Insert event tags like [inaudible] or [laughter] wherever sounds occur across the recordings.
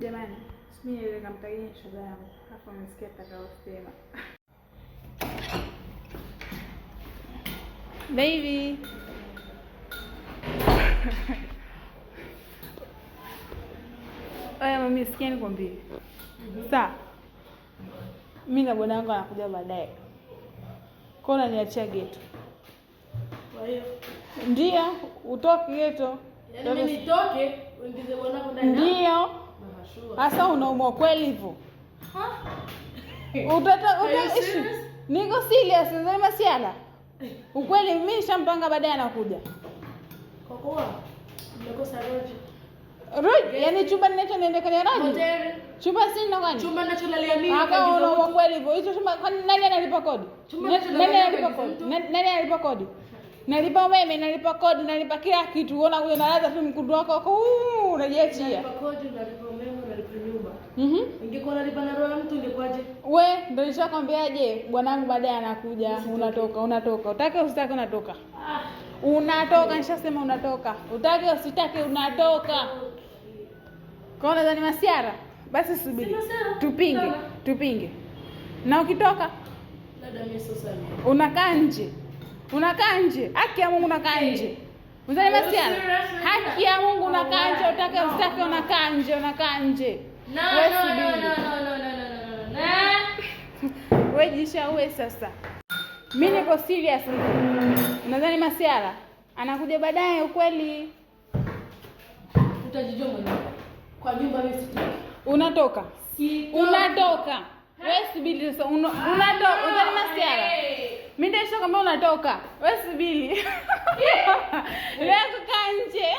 Jamani, mimi kamtagia shoga yangu hapo, amesikia atakayosema. Baby aya, mami, sikia nikwambie. Saa mi na bwana wangu anakuja baadaye, kwa unaniachia geto? Ndio, utoke geto, ndio Hasa unaumwa kweli hivyo? Utata utaishi. Niko serious, nasema siala. Ukweli mimi nishampanga baadaye anakuja. Kokoa. Nimekosa roji. Roji, yani chumba ninacho niende kwenye roji. Chumba si na gani? Chumba ninacholalia mimi. Aka ah, unaumwa kweli hivyo. Hicho chumba kwani nani analipa kodi? Nani analipa kodi? Nani analipa kodi? nalipa umeme, nalipa kodi, nalipa kila kitu. Uona huyo nalaza tu mkundu wako huko, unajiachia. Nalipa kodi, nalipa umeme, nalipa nyumba. Mhm. nalipa na roho mtu We, ndio nishakwambiaje, bwanangu baadaye anakuja, unatoka, unatoka. Utake usitake unatoka. Ah. Unatoka, nishasema unatoka. Utake usitake unatoka. Kwa hiyo ni masiara. Basi subiri. Tupinge, tupinge. Na ukitoka, unakaa nje unakaa nje. Haki ya Mungu unakaa nje. Mzaniasiana haki ya Mungu unakaa nje, utake usitake, unakaa nje, unakaa nje. No, no, no, no, no, no, no, no, no. We jishaue sasa. Mimi niko serious. Unadhani masiara anakuja baadaye, ukweli utajijua mwenyewe. Kwa jumba mimi sitoki. Unatoka, unatoka, Wewe subiri sasa, ah, unatoka. Unadhani masiara sio kwamba unatoka wewe, subiri [laughs] leo kukaa nje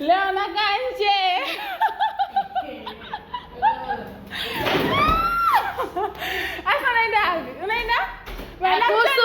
leo nakaa nje hasa. [laughs] Unaenda unaenda